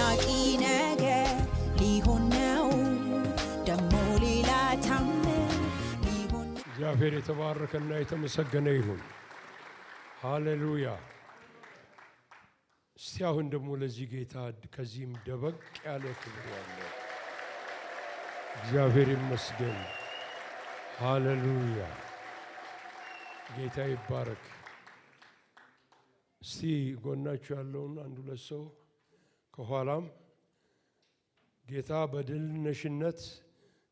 አስደናቂ ነገር ሊሆን ነው። ደግሞ ሌላ ታምር ሊሆን እግዚአብሔር የተባረከና የተመሰገነ ይሁን። ሃሌሉያ። እስቲ አሁን ደግሞ ለዚህ ጌታ ከዚህም ደበቅ ያለ ክብር ያለው እግዚአብሔር ይመስገን። ሃሌሉያ። ጌታ ይባረክ። እስቲ ጎናችሁ ያለውን አንድ ሁለት ሰው ከኋላም ጌታ በድል ነሽነት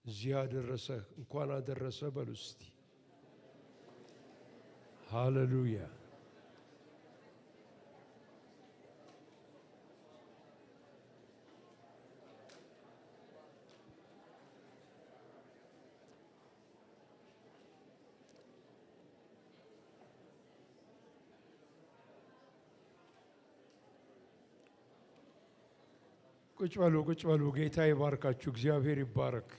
እዚህ አደረሰ። እንኳን አደረሰ በሉ እስቲ። ሃሌሉያ ቁጭ በሉ ቁጭ በሉ ጌታዬ ባርካችሁ እግዚአብሔር ይባረክ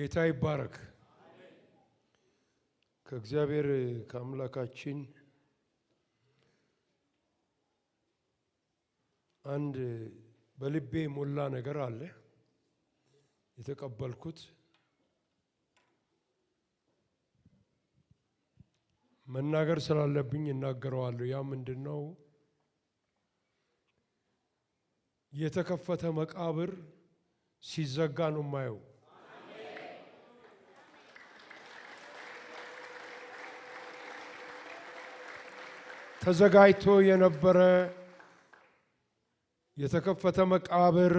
ጌታ ይባረክ። ከእግዚአብሔር ከአምላካችን አንድ በልቤ ሞላ ነገር አለ የተቀበልኩት መናገር ስላለብኝ እናገረዋለሁ። ያ ምንድን ነው? የተከፈተ መቃብር ሲዘጋ ነው የማየው። ተዘጋጅቶ የነበረ የተከፈተ መቃብር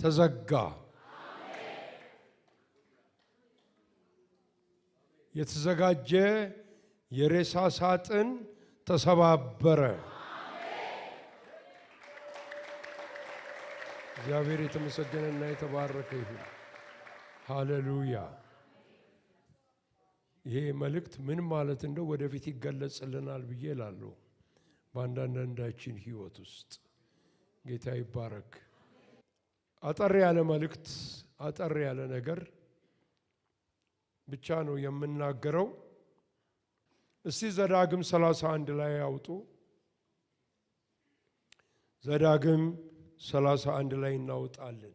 ተዘጋ። የተዘጋጀ የሬሳ ሳጥን ተሰባበረ። እግዚአብሔር የተመሰገነና የተባረከ ይሁን። ሃሌሉያ ይሄ መልእክት ምን ማለት እንደው ወደፊት ይገለጽልናል ብዬ እላለሁ። በአንዳንዳችን ህይወት ውስጥ ጌታ ይባረክ። አጠር ያለ መልእክት፣ አጠር ያለ ነገር ብቻ ነው የምናገረው። እስቲ ዘዳግም 31 ላይ ያውጡ። ዘዳግም 31 ላይ እናውጣለን።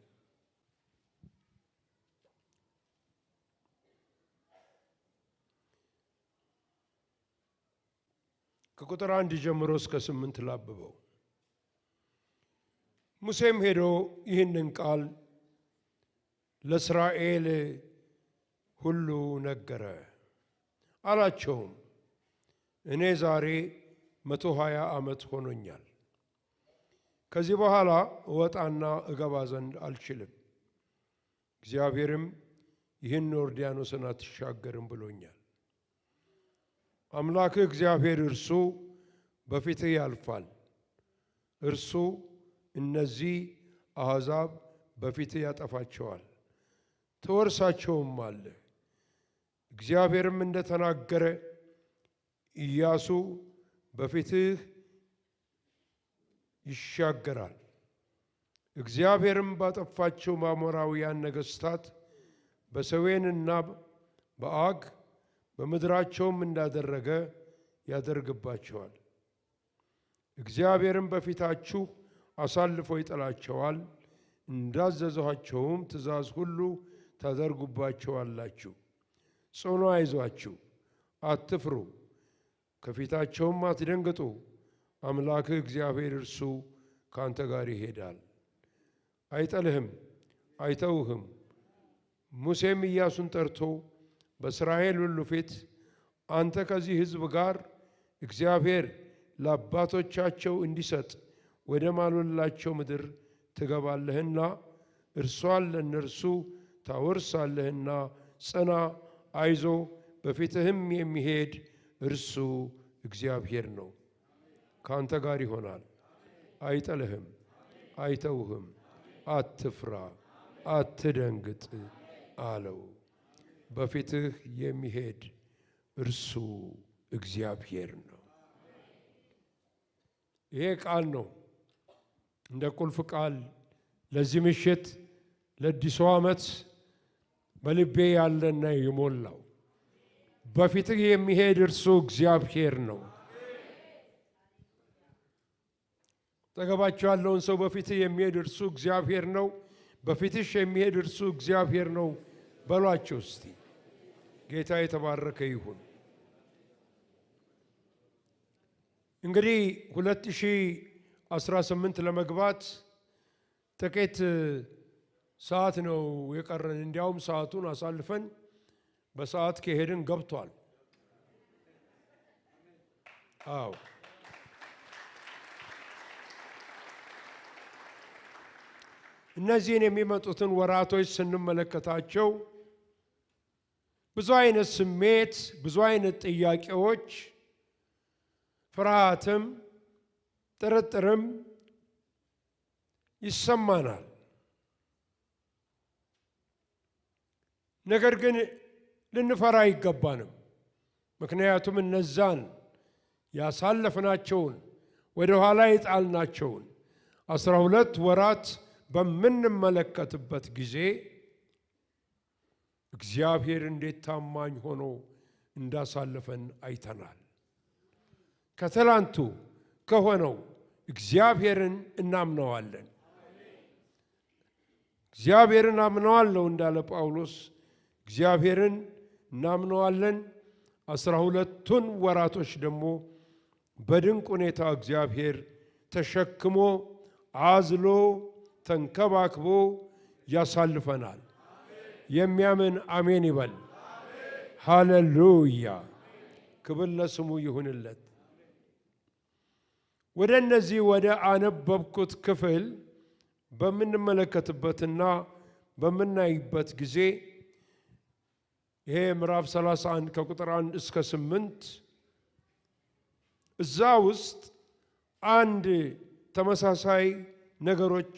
ከቁጥር አንድ ጀምሮ እስከ ስምንት ላብበው። ሙሴም ሄዶ ይህንን ቃል ለእስራኤል ሁሉ ነገረ፣ አላቸውም እኔ ዛሬ መቶ ሀያ ዓመት ሆኖኛል። ከዚህ በኋላ እወጣና እገባ ዘንድ አልችልም። እግዚአብሔርም ይህን ዮርዳኖስን አትሻገርም ብሎኛል። አምላክህ እግዚአብሔር እርሱ በፊትህ ያልፋል፣ እርሱ እነዚህ አሕዛብ በፊትህ ያጠፋቸዋል፣ ትወርሳቸውም አለ። እግዚአብሔርም እንደተናገረ ኢያሱ በፊትህ ይሻገራል። እግዚአብሔርም ባጠፋቸው አሞራውያን ነገሥታት በሰዌንና በአግ ። በምድራቸውም እንዳደረገ ያደርግባቸዋል። እግዚአብሔርም በፊታችሁ አሳልፎ ይጥላቸዋል። እንዳዘዝኋቸውም ትእዛዝ ሁሉ ታደርጉባቸዋላችሁ። ጽኑ አይዟችሁ፣ አትፍሩ፣ ከፊታቸውም አትደንግጡ። አምላክህ እግዚአብሔር እርሱ ከአንተ ጋር ይሄዳል፣ አይጠልህም፣ አይተውህም። ሙሴም ኢያሱን ጠርቶ በእስራኤል ሁሉ ፊት አንተ ከዚህ ሕዝብ ጋር እግዚአብሔር ለአባቶቻቸው እንዲሰጥ ወደ ማሉላቸው ምድር ትገባለህና እርሷን ለእነርሱ ታወርሳለህና ጽና፣ አይዞ፣ በፊትህም የሚሄድ እርሱ እግዚአብሔር ነው። ከአንተ ጋር ይሆናል፣ አይጠልህም፣ አይተውህም። አትፍራ፣ አትደንግጥ አለው። በፊትህ የሚሄድ እርሱ እግዚአብሔር ነው። ይሄ ቃል ነው እንደ ቁልፍ ቃል ለዚህ ምሽት ለአዲሱ ዓመት በልቤ ያለና የሞላው በፊትህ የሚሄድ እርሱ እግዚአብሔር ነው። አጠገባችሁ ያለውን ሰው በፊትህ የሚሄድ እርሱ እግዚአብሔር ነው፣ በፊትሽ የሚሄድ እርሱ እግዚአብሔር ነው በሏቸው እስቲ። ጌታ የተባረከ ይሁን። እንግዲህ 2018 ለመግባት ጥቂት ሰዓት ነው የቀረን። እንዲያውም ሰዓቱን አሳልፈን በሰዓት ከሄድን ገብቷል። አዎ እነዚህን የሚመጡትን ወራቶች ስንመለከታቸው ብዙ አይነት ስሜት፣ ብዙ አይነት ጥያቄዎች፣ ፍርሃትም ጥርጥርም ይሰማናል። ነገር ግን ልንፈራ አይገባንም። ምክንያቱም እነዛን ያሳለፍናቸውን ወደ ኋላ የጣልናቸውን አስራ ሁለት ወራት በምንመለከትበት ጊዜ እግዚአብሔር እንዴት ታማኝ ሆኖ እንዳሳለፈን አይተናል። ከትላንቱ ከሆነው እግዚአብሔርን እናምነዋለን። እግዚአብሔርን አምነዋለሁ እንዳለ ጳውሎስ እግዚአብሔርን እናምነዋለን። አስራ ሁለቱን ወራቶች ደግሞ በድንቅ ሁኔታ እግዚአብሔር ተሸክሞ አዝሎ ተንከባክቦ ያሳልፈናል። የሚያምን አሜን ይበል። ሃሌሉያ ክብር ለስሙ ይሁንለት። ወደ እነዚህ ወደ አነበብኩት ክፍል በምንመለከትበትና በምናይበት ጊዜ ይሄ ምዕራፍ 31 ከቁጥር 1 እስከ 8 እዛ ውስጥ አንድ ተመሳሳይ ነገሮች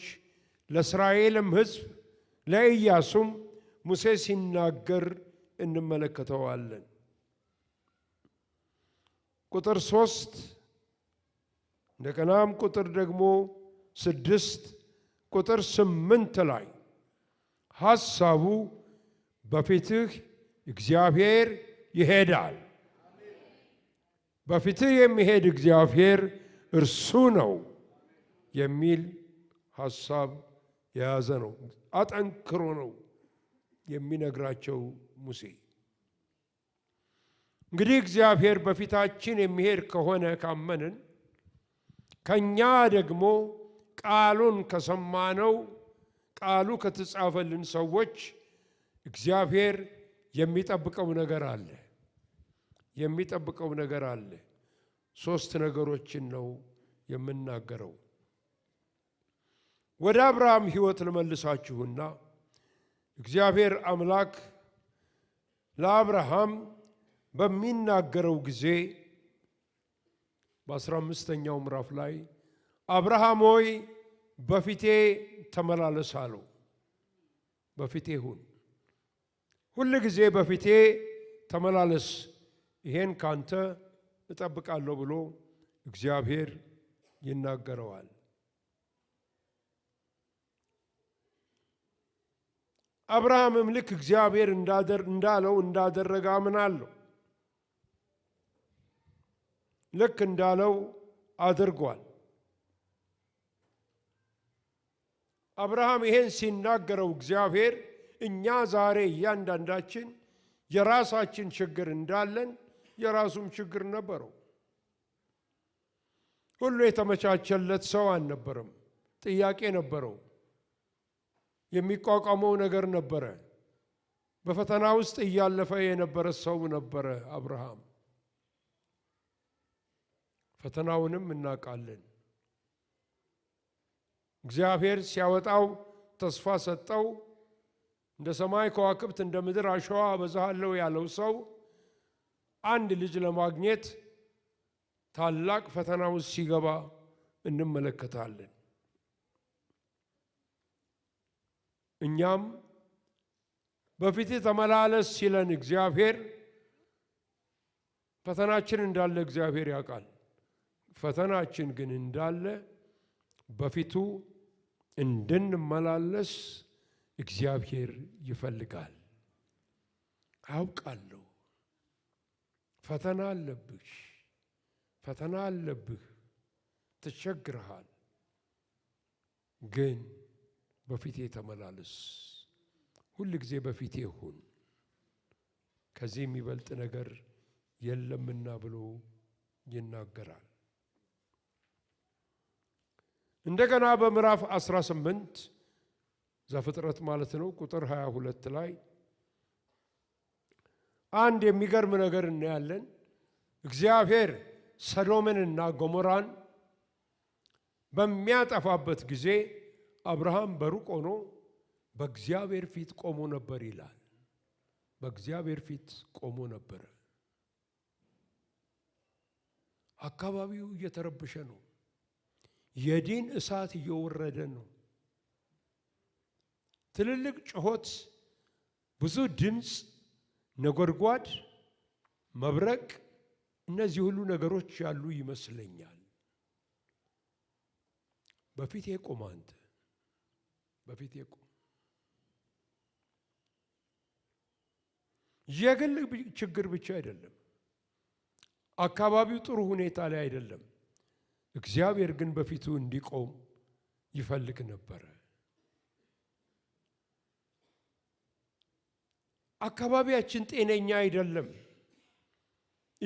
ለእስራኤልም ሕዝብ ለኢያሱም ሙሴ ሲናገር እንመለከተዋለን። ቁጥር ሶስት እንደገናም ቁጥር ደግሞ ስድስት ቁጥር ስምንት ላይ ሐሳቡ በፊትህ እግዚአብሔር ይሄዳል። በፊትህ የሚሄድ እግዚአብሔር እርሱ ነው የሚል ሐሳብ የያዘ ነው። አጠንክሮ ነው የሚነግራቸው ሙሴ እንግዲህ እግዚአብሔር በፊታችን የሚሄድ ከሆነ ካመንን ከእኛ ደግሞ ቃሉን ከሰማነው ቃሉ ከተጻፈልን ሰዎች እግዚአብሔር የሚጠብቀው ነገር አለ። የሚጠብቀው ነገር አለ። ሶስት ነገሮችን ነው የምናገረው። ወደ አብርሃም ሕይወት ልመልሳችሁና እግዚአብሔር አምላክ ለአብርሃም በሚናገረው ጊዜ በአስራ አምስተኛው ምዕራፍ ላይ አብርሃም ሆይ በፊቴ ተመላለስ አለው። በፊቴ ሁን፣ ሁል ጊዜ በፊቴ ተመላለስ፣ ይሄን ካንተ እጠብቃለሁ ብሎ እግዚአብሔር ይናገረዋል። አብርሃምም ልክ እግዚአብሔር እንዳለው እንዳደረገ አምናለሁ። ልክ እንዳለው አድርጓል። አብርሃም ይሄን ሲናገረው እግዚአብሔር እኛ ዛሬ እያንዳንዳችን የራሳችን ችግር እንዳለን የራሱም ችግር ነበረው። ሁሉ የተመቻቸለት ሰው አልነበረም። ጥያቄ ነበረው። የሚቋቋመው ነገር ነበረ። በፈተና ውስጥ እያለፈ የነበረ ሰው ነበረ አብርሃም። ፈተናውንም እናውቃለን። እግዚአብሔር ሲያወጣው ተስፋ ሰጠው። እንደ ሰማይ ከዋክብት እንደ ምድር አሸዋ አበዛሃለሁ ያለው ሰው አንድ ልጅ ለማግኘት ታላቅ ፈተና ውስጥ ሲገባ እንመለከታለን። እኛም በፊት ተመላለስ ሲለን እግዚአብሔር ፈተናችን እንዳለ እግዚአብሔር ያውቃል። ፈተናችን ግን እንዳለ በፊቱ እንድንመላለስ እግዚአብሔር ይፈልጋል። አውቃለሁ። ፈተና አለብሽ፣ ፈተና አለብህ፣ ትቸግርሃል ግን በፊቴ ተመላለስ፣ ሁል ጊዜ በፊቴ ሁን፣ ከዚህ የሚበልጥ ነገር የለምና ብሎ ይናገራል። እንደገና በምዕራፍ 18 ዘፍጥረት ማለት ነው ቁጥር 22 ላይ አንድ የሚገርም ነገር እናያለን። እግዚአብሔር ሰዶምንና ገሞራን በሚያጠፋበት ጊዜ አብርሃም በሩቅ ሆኖ በእግዚአብሔር ፊት ቆሞ ነበር ይላል። በእግዚአብሔር ፊት ቆሞ ነበር። አካባቢው እየተረበሸ ነው። የዲን እሳት እየወረደ ነው። ትልልቅ ጩኸት፣ ብዙ ድምፅ፣ ነጎድጓድ፣ መብረቅ፣ እነዚህ ሁሉ ነገሮች ያሉ ይመስለኛል። በፊቴ ቆመ አንተ በፊት የቁም። የግል ችግር ብቻ አይደለም። አካባቢው ጥሩ ሁኔታ ላይ አይደለም። እግዚአብሔር ግን በፊቱ እንዲቆም ይፈልግ ነበረ። አካባቢያችን ጤነኛ አይደለም።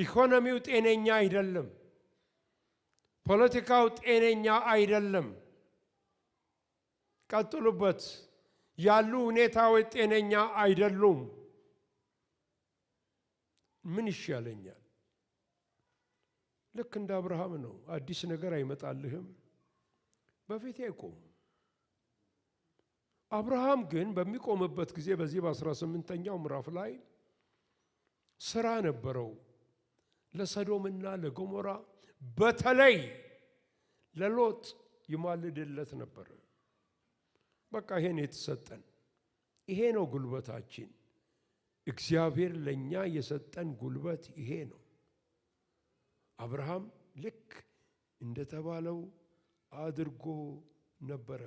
ኢኮኖሚው ጤነኛ አይደለም። ፖለቲካው ጤነኛ አይደለም። ቀጥሉበት። ያሉ ሁኔታዎች ጤነኛ አይደሉም። ምን ይሻለኛል? ልክ እንደ አብርሃም ነው። አዲስ ነገር አይመጣልህም፣ በፊቴ አይቆምም። አብርሃም ግን በሚቆምበት ጊዜ በዚህ በ18ኛው ምዕራፍ ላይ ስራ ነበረው ለሰዶምና ለገሞራ በተለይ ለሎጥ ይማልድለት ነበር በቃ ይሄን የተሰጠን ይሄ ነው ጉልበታችን። እግዚአብሔር ለእኛ የሰጠን ጉልበት ይሄ ነው። አብርሃም ልክ እንደተባለው አድርጎ ነበረ።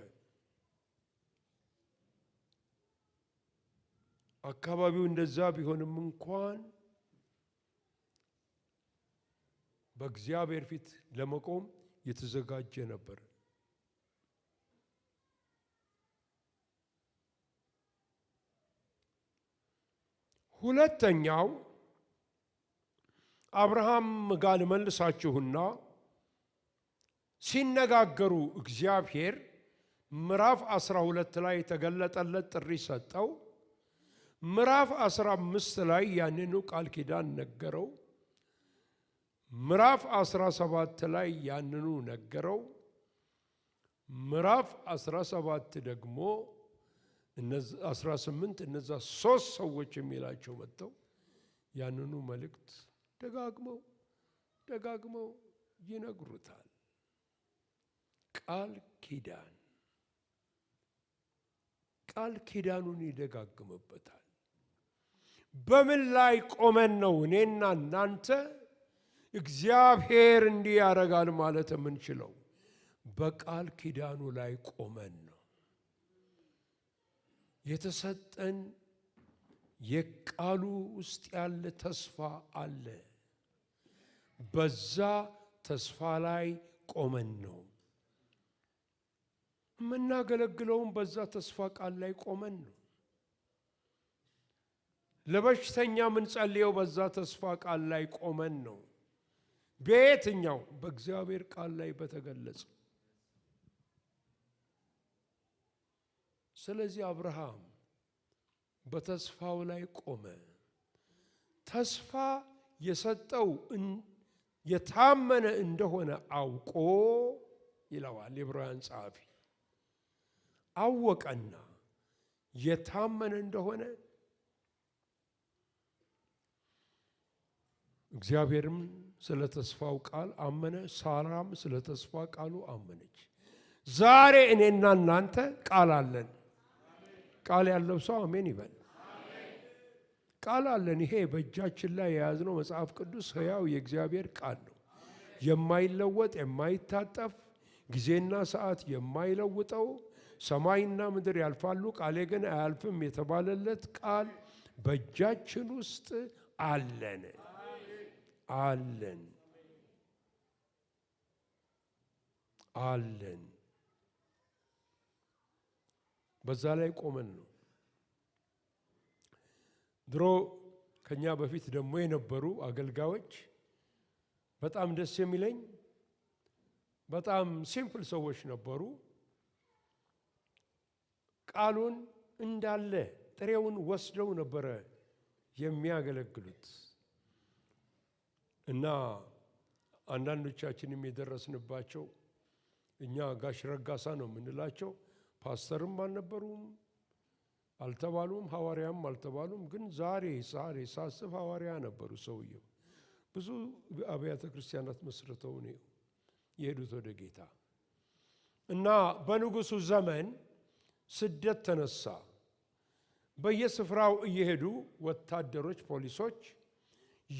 አካባቢው እንደዛ ቢሆንም እንኳን በእግዚአብሔር ፊት ለመቆም የተዘጋጀ ነበር። ሁለተኛው አብርሃም ጋር ልመልሳችሁና ሲነጋገሩ እግዚአብሔር ምዕራፍ 12 ላይ የተገለጠለት ጥሪ ሰጠው። ምዕራፍ 15 ላይ ያንኑ ቃል ኪዳን ነገረው። ምዕራፍ 17 ላይ ያንኑ ነገረው። ምዕራፍ 17 ደግሞ አስራ ስምንት እነዛ ሶስት ሰዎች የሚላቸው መጥተው ያንኑ መልእክት ደጋግመው ደጋግመው ይነግሩታል። ቃል ኪዳን ቃል ኪዳኑን ይደጋግምበታል። በምን ላይ ቆመን ነው እኔና እናንተ እግዚአብሔር እንዲህ ያደርጋል ማለት የምንችለው? በቃል ኪዳኑ ላይ ቆመን ነው። የተሰጠን የቃሉ ውስጥ ያለ ተስፋ አለ። በዛ ተስፋ ላይ ቆመን ነው የምናገለግለውም። በዛ ተስፋ ቃል ላይ ቆመን ነው። ለበሽተኛ የምንጸልየው በዛ ተስፋ ቃል ላይ ቆመን ነው። በየትኛው በእግዚአብሔር ቃል ላይ በተገለጸው ስለዚህ አብርሃም በተስፋው ላይ ቆመ። ተስፋ የሰጠው የታመነ እንደሆነ አውቆ ይለዋል የዕብራውያን ጸሐፊ። አወቀና የታመነ እንደሆነ እግዚአብሔርም ስለ ተስፋው ቃል አመነ። ሳራም ስለ ተስፋ ቃሉ አመነች። ዛሬ እኔና እናንተ ቃል አለን። ቃል ያለው ሰው አሜን ይበል። ቃል አለን። ይሄ በእጃችን ላይ የያዝነው መጽሐፍ ቅዱስ ሕያው የእግዚአብሔር ቃል ነው። የማይለወጥ የማይታጠፍ ጊዜና ሰዓት የማይለውጠው ሰማይና ምድር ያልፋሉ ቃሌ ግን አያልፍም የተባለለት ቃል በእጃችን ውስጥ አለን አለን አለን በዛ ላይ ቆመን ነው። ድሮ ከኛ በፊት ደግሞ የነበሩ አገልጋዮች በጣም ደስ የሚለኝ በጣም ሲምፕል ሰዎች ነበሩ። ቃሉን እንዳለ ጥሬውን ወስደው ነበረ የሚያገለግሉት እና አንዳንዶቻችንም የደረስንባቸው እኛ ጋሽ ረጋሳ ነው የምንላቸው ፓስተርም አልነበሩም፣ አልተባሉም፣ ሐዋርያም አልተባሉም። ግን ዛሬ ዛሬ ሳስብ ሐዋርያ ነበሩ። ሰውየው ብዙ አብያተ ክርስቲያናት መስርተው ነው የሄዱት ወደ ጌታ እና በንጉሱ ዘመን ስደት ተነሳ። በየስፍራው እየሄዱ ወታደሮች፣ ፖሊሶች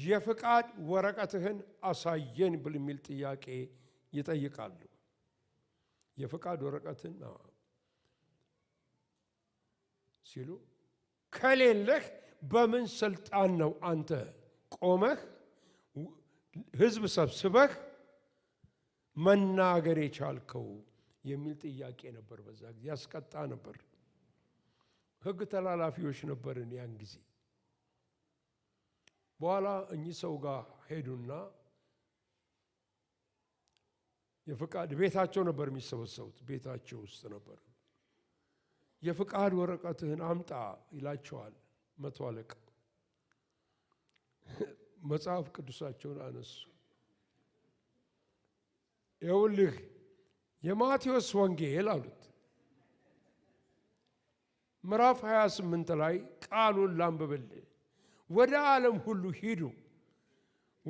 የፍቃድ ወረቀትህን አሳየን ብል የሚል ጥያቄ ይጠይቃሉ። የፍቃድ ወረቀትን ሲሉ ከሌለህ በምን ስልጣን ነው አንተ ቆመህ ህዝብ ሰብስበህ መናገር የቻልከው የሚል ጥያቄ ነበር። በዛ ጊዜ ያስቀጣ ነበር። ህግ ተላላፊዎች ነበርን ያን ጊዜ። በኋላ እኚህ ሰው ጋር ሄዱና የፈቃድ ቤታቸው ነበር የሚሰበሰቡት፣ ቤታቸው ውስጥ ነበር የፍቃድ ወረቀትህን አምጣ ይላቸዋል። መቶ አለቃ መጽሐፍ ቅዱሳቸውን አነሱ። ይኸውልህ የማቴዎስ ወንጌል አሉት ምዕራፍ 28 ላይ ቃሉን ላንብብልህ። ወደ ዓለም ሁሉ ሂዱ፣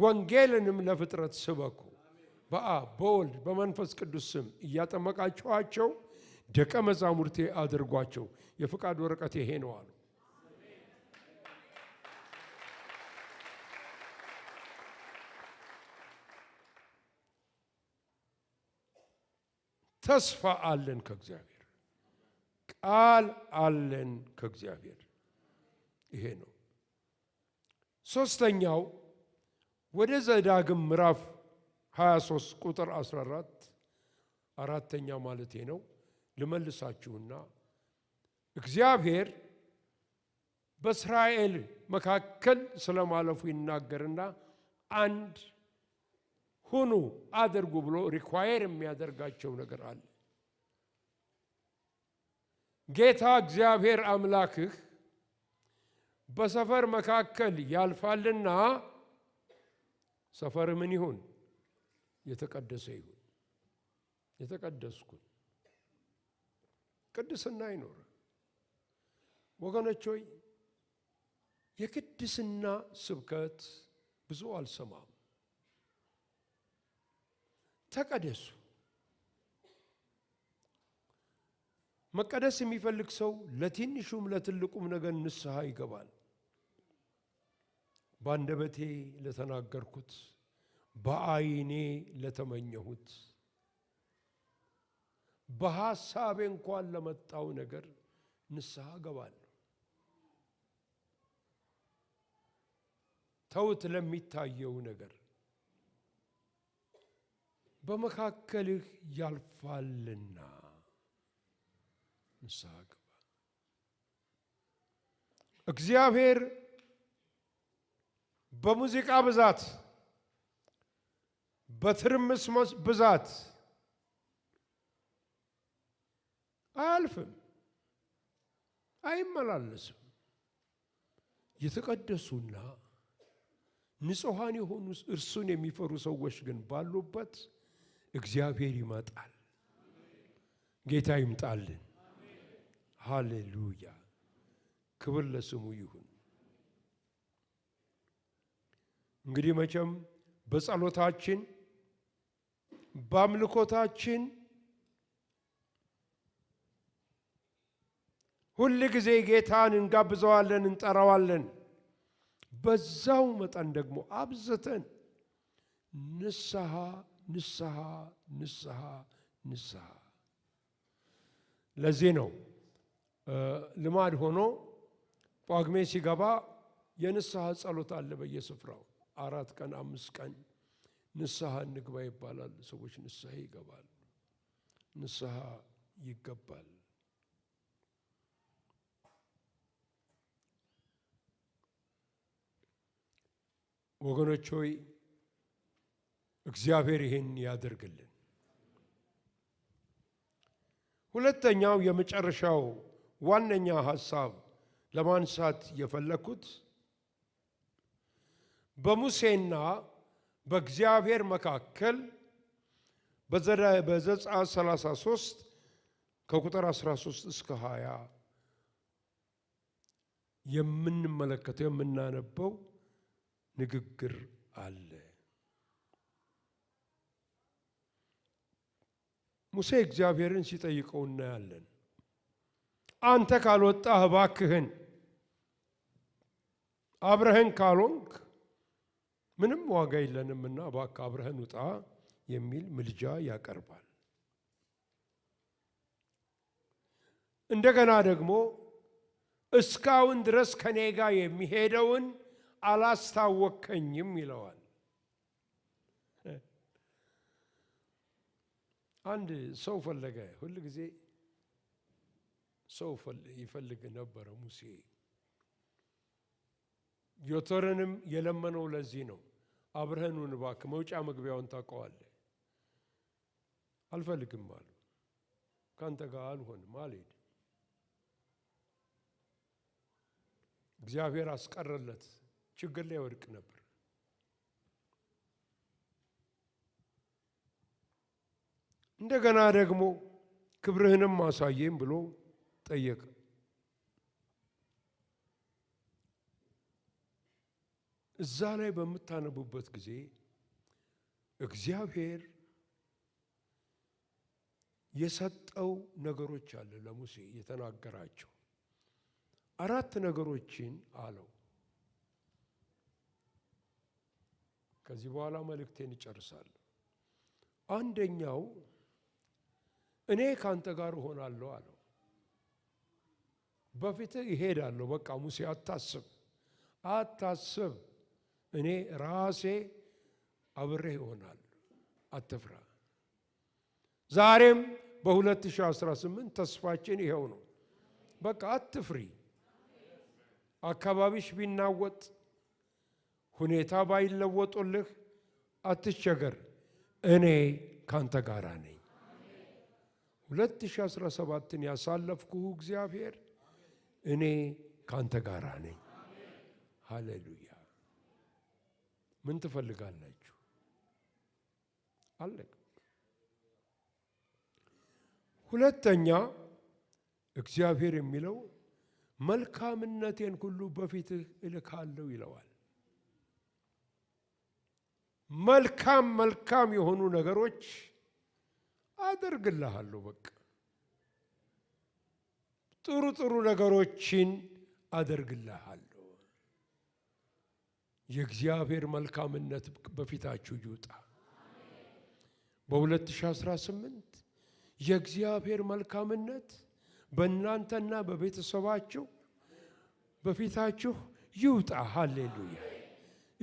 ወንጌልንም ለፍጥረት ስበኩ፣ በአብ በወልድ በመንፈስ ቅዱስ ስም እያጠመቃችኋቸው ደቀ መዛሙርቴ አድርጓቸው። የፍቃድ ወረቀት ይሄ ነው አሉ። ተስፋ አለን ከእግዚአብሔር፣ ቃል አለን ከእግዚአብሔር። ይሄ ነው። ሶስተኛው ወደ ዘዳግም ምዕራፍ 23 ቁጥር 14 አራተኛው ማለት ነው። ልመልሳችሁና እግዚአብሔር በእስራኤል መካከል ስለማለፉ ይናገርና አንድ ሁኑ አድርጉ ብሎ ሪኳየር የሚያደርጋቸው ነገር አለ። ጌታ እግዚአብሔር አምላክህ በሰፈር መካከል ያልፋልና ሰፈር ምን ይሁን? የተቀደሰ ይሁን። የተቀደስኩን ቅድስና ይኖር። ወገኖች ሆይ የቅድስና ስብከት ብዙ አልሰማም። ተቀደሱ። መቀደስ የሚፈልግ ሰው ለትንሹም ለትልቁም ነገር ንስሐ ይገባል። በአንደበቴ ለተናገርኩት፣ በዓይኔ ለተመኘሁት በሐሳቤ እንኳን ለመጣው ነገር ንስሐ ገባለሁ። ተውት ለሚታየው ነገር በመካከልህ ያልፋልና ንስሐ ገባ። እግዚአብሔር በሙዚቃ ብዛት፣ በትርምስ ብዛት አያልፍም፣ አይመላለስም። የተቀደሱና ንጹሐን የሆኑ እርሱን የሚፈሩ ሰዎች ግን ባሉበት እግዚአብሔር ይመጣል። ጌታ ይምጣልን። ሃሌሉያ! ክብር ለስሙ ይሁን። እንግዲህ መቼም በጸሎታችን በአምልኮታችን ሁል ጊዜ ጌታን እንጋብዘዋለን፣ እንጠራዋለን። በዛው መጠን ደግሞ አብዝተን ንስሐ ንስሐ ንስሐ ንስሐ። ለዚህ ነው ልማድ ሆኖ ጳጉሜ ሲገባ የንስሐ ጸሎት አለ በየስፍራው። አራት ቀን አምስት ቀን ንስሐ እንግባ ይባላል። ሰዎች ንስሐ ይገባል። ንስሐ ይገባል። ወገኖች ሆይ እግዚአብሔር ይህን ያደርግልን። ሁለተኛው የመጨረሻው ዋነኛ ሀሳብ ለማንሳት የፈለግኩት በሙሴና በእግዚአብሔር መካከል በዘጸአት 33 ከቁጥር 13 እስከ 20 የምንመለከተው የምናነበው ንግግር አለ። ሙሴ እግዚአብሔርን ሲጠይቀው እናያለን። አንተ ካልወጣህ እባክህን አብረህን ካልሆንክ ምንም ዋጋ የለንምና እባክህ አብረህን ውጣ የሚል ምልጃ ያቀርባል። እንደገና ደግሞ እስካሁን ድረስ ከኔ ጋር የሚሄደውን አላስታወከኝም ይለዋል። አንድ ሰው ፈለገ። ሁል ጊዜ ሰው ይፈልግ ነበረ ሙሴ። ዮቶርንም የለመነው ለዚህ ነው። አብርሃኑን እባክህ መውጫ መግቢያውን ታውቀዋለህ፣ አልፈልግም አሉ። ከአንተ ጋር አልሆንም፣ አልሄድም። እግዚአብሔር አስቀረለት። ችግር ላይ ወድቅ ነበር። እንደገና ደግሞ ክብርህንም ማሳየም ብሎ ጠየቀ። እዛ ላይ በምታነቡበት ጊዜ እግዚአብሔር የሰጠው ነገሮች አለ። ለሙሴ የተናገራቸው አራት ነገሮችን አለው። ከዚህ በኋላ መልእክቴን ይጨርሳል አንደኛው እኔ ካንተ ጋር እሆናለሁ አለው። በፊትህ ይሄዳለሁ። በቃ ሙሴ አታስብ፣ አታስብ፣ እኔ ራሴ አብሬህ ይሆናል አትፍራ። ዛሬም በ2018 ተስፋችን ይኸው ነው። በቃ አትፍሪ። አካባቢሽ ቢናወጥ ሁኔታ ባይለወጡልህ አትቸገር፣ እኔ ካንተ ጋር ነኝ። 2017ን ያሳለፍኩህ እግዚአብሔር እኔ ካንተ ጋር ነኝ። ሃሌሉያ። ምን ትፈልጋላችሁ? አለቅ ሁለተኛ እግዚአብሔር የሚለው መልካምነቴን ሁሉ በፊትህ እልካለሁ ይለዋል። መልካም መልካም የሆኑ ነገሮች አደርግልሃለሁ። በቃ ጥሩ ጥሩ ነገሮችን አደርግልሃለሁ። የእግዚአብሔር መልካምነት በፊታችሁ ይውጣ። በ2018 የእግዚአብሔር መልካምነት በእናንተና በቤተሰባችሁ በፊታችሁ ይውጣ። ሃሌሉያ!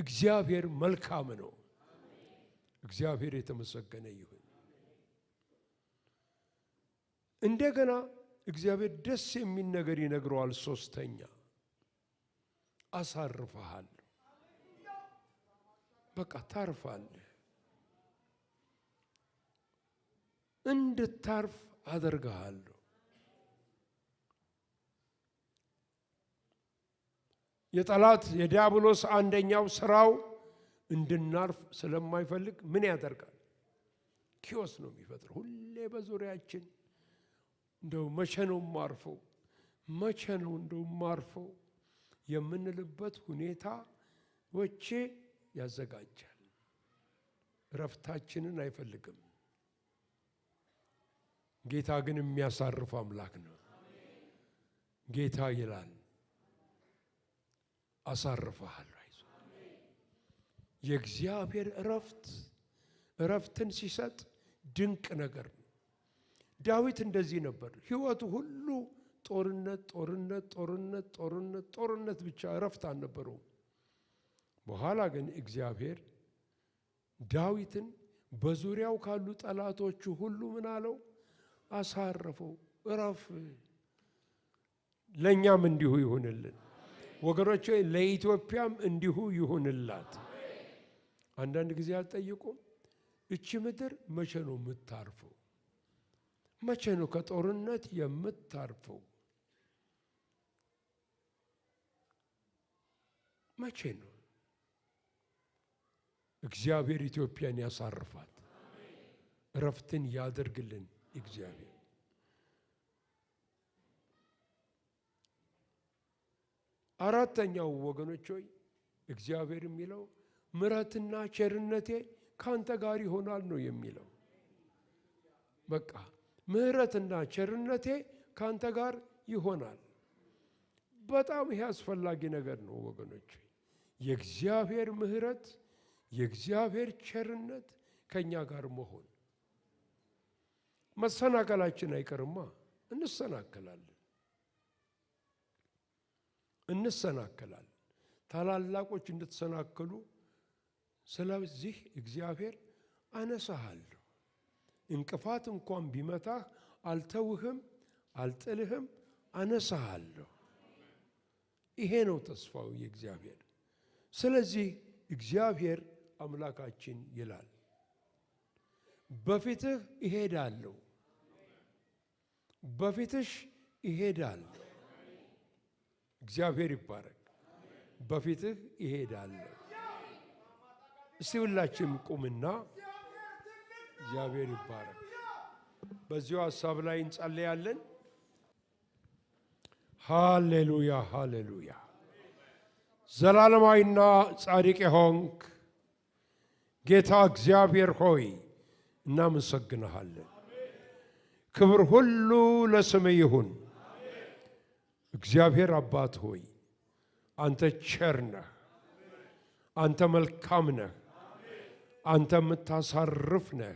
እግዚአብሔር መልካም ነው። እግዚአብሔር የተመሰገነ ይሁን። እንደገና እግዚአብሔር ደስ የሚል ነገር ይነግረዋል። ሶስተኛ አሳርፈሃል። በቃ ታርፋለህ። እንድታርፍ አደርግሃለሁ። የጠላት የዲያብሎስ አንደኛው ስራው እንድናርፍ ስለማይፈልግ ምን ያደርጋል? ኪዮስ ነው የሚፈጥረው። ሁሌ በዙሪያችን እንደው መቼ ነው ማርፈው፣ መቼ ነው እንደው ማርፈው የምንልበት ሁኔታ ሁኔታዎች ያዘጋጃል። እረፍታችንን አይፈልግም። ጌታ ግን የሚያሳርፍ አምላክ ነው። ጌታ ይላል አሳርፈሃል የእግዚአብሔር እረፍት እረፍትን ሲሰጥ ድንቅ ነገር ነው። ዳዊት እንደዚህ ነበር። ህይወቱ ሁሉ ጦርነት፣ ጦርነት፣ ጦርነት፣ ጦርነት፣ ጦርነት ብቻ እረፍት አልነበረውም። በኋላ ግን እግዚአብሔር ዳዊትን በዙሪያው ካሉ ጠላቶቹ ሁሉ ምን አለው? አሳረፈው። እረፍ። ለእኛም እንዲሁ ይሁንልን ወገኖቼ፣ ለኢትዮጵያም እንዲሁ ይሁንላት። አንዳንድ ጊዜ አልጠየቁም። እቺ ምድር መቼ ነው የምታርፈው? መቼ ነው ከጦርነት የምታርፈው? መቼ ነው? እግዚአብሔር ኢትዮጵያን ያሳርፋት፣ እረፍትን ያደርግልን እግዚአብሔር። አራተኛው ወገኖች ሆይ እግዚአብሔር የሚለው ምረትና ቸርነቴ ካንተ ጋር ይሆናል ነው የሚለው። በቃ ምህረትና ቸርነቴ ካንተ ጋር ይሆናል። በጣም ይሄ አስፈላጊ ነገር ነው ወገኖች። የእግዚአብሔር ምህረት የእግዚአብሔር ቸርነት ከእኛ ጋር መሆን። መሰናከላችን አይቀርማ፣ እንሰናከላለን እንሰናከላለን። ታላላቆች እንድትሰናከሉ ስለዚህ እግዚአብሔር አነሳሃለሁ፣ እንቅፋት እንኳን ቢመታህ አልተውህም፣ አልጥልህም፣ አነሳሃለሁ። ይሄ ነው ተስፋው የእግዚአብሔር። ስለዚህ እግዚአብሔር አምላካችን ይላል በፊትህ እሄዳለሁ፣ በፊትሽ እሄዳለሁ። እግዚአብሔር ይባረክ። በፊትህ እሄዳለሁ እስቲ ሁላችንም ቁምና እግዚአብሔር ይባረክ። በዚሁ ሀሳብ ላይ እንጸለያለን። ሃሌሉያ ሃሌሉያ። ዘላለማዊና ጻድቅ የሆንክ ጌታ እግዚአብሔር ሆይ እናመሰግንሃለን። ክብር ሁሉ ለስም ይሁን። እግዚአብሔር አባት ሆይ አንተ ቸር ነህ፣ አንተ መልካም ነህ። አንተ የምታሳርፍ ነህ።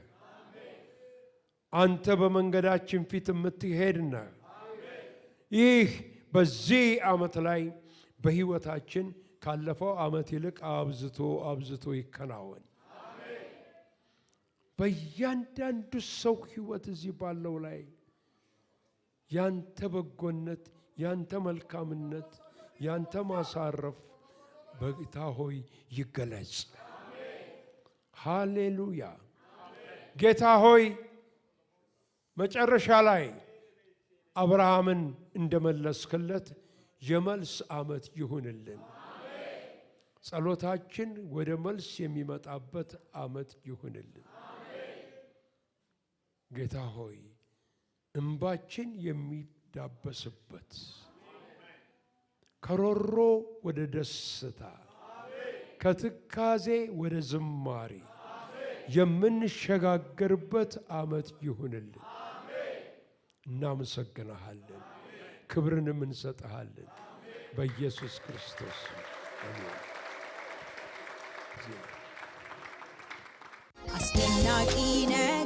አንተ በመንገዳችን ፊት የምትሄድ ነህ። ይህ በዚህ ዓመት ላይ በሕይወታችን ካለፈው ዓመት ይልቅ አብዝቶ አብዝቶ ይከናወን። በእያንዳንዱ ሰው ሕይወት እዚህ ባለው ላይ ያንተ በጎነት፣ ያንተ መልካምነት፣ ያንተ ማሳረፍ በጌታ ሆይ ይገለጽ። ሃሌሉያ። ጌታ ሆይ መጨረሻ ላይ አብርሃምን እንደመለስክለት የመልስ ዓመት ይሁንልን። ጸሎታችን ወደ መልስ የሚመጣበት ዓመት ይሁንልን። ጌታ ሆይ እንባችን የሚዳበስበት ከሮሮ ወደ ደስታ ከትካዜ ወደ ዝማሬ የምንሸጋገርበት ዓመት ይሁንልን። እናመሰግናሃለን፣ ክብርንም እንሰጥሃለን በኢየሱስ ክርስቶስ አስደናቂ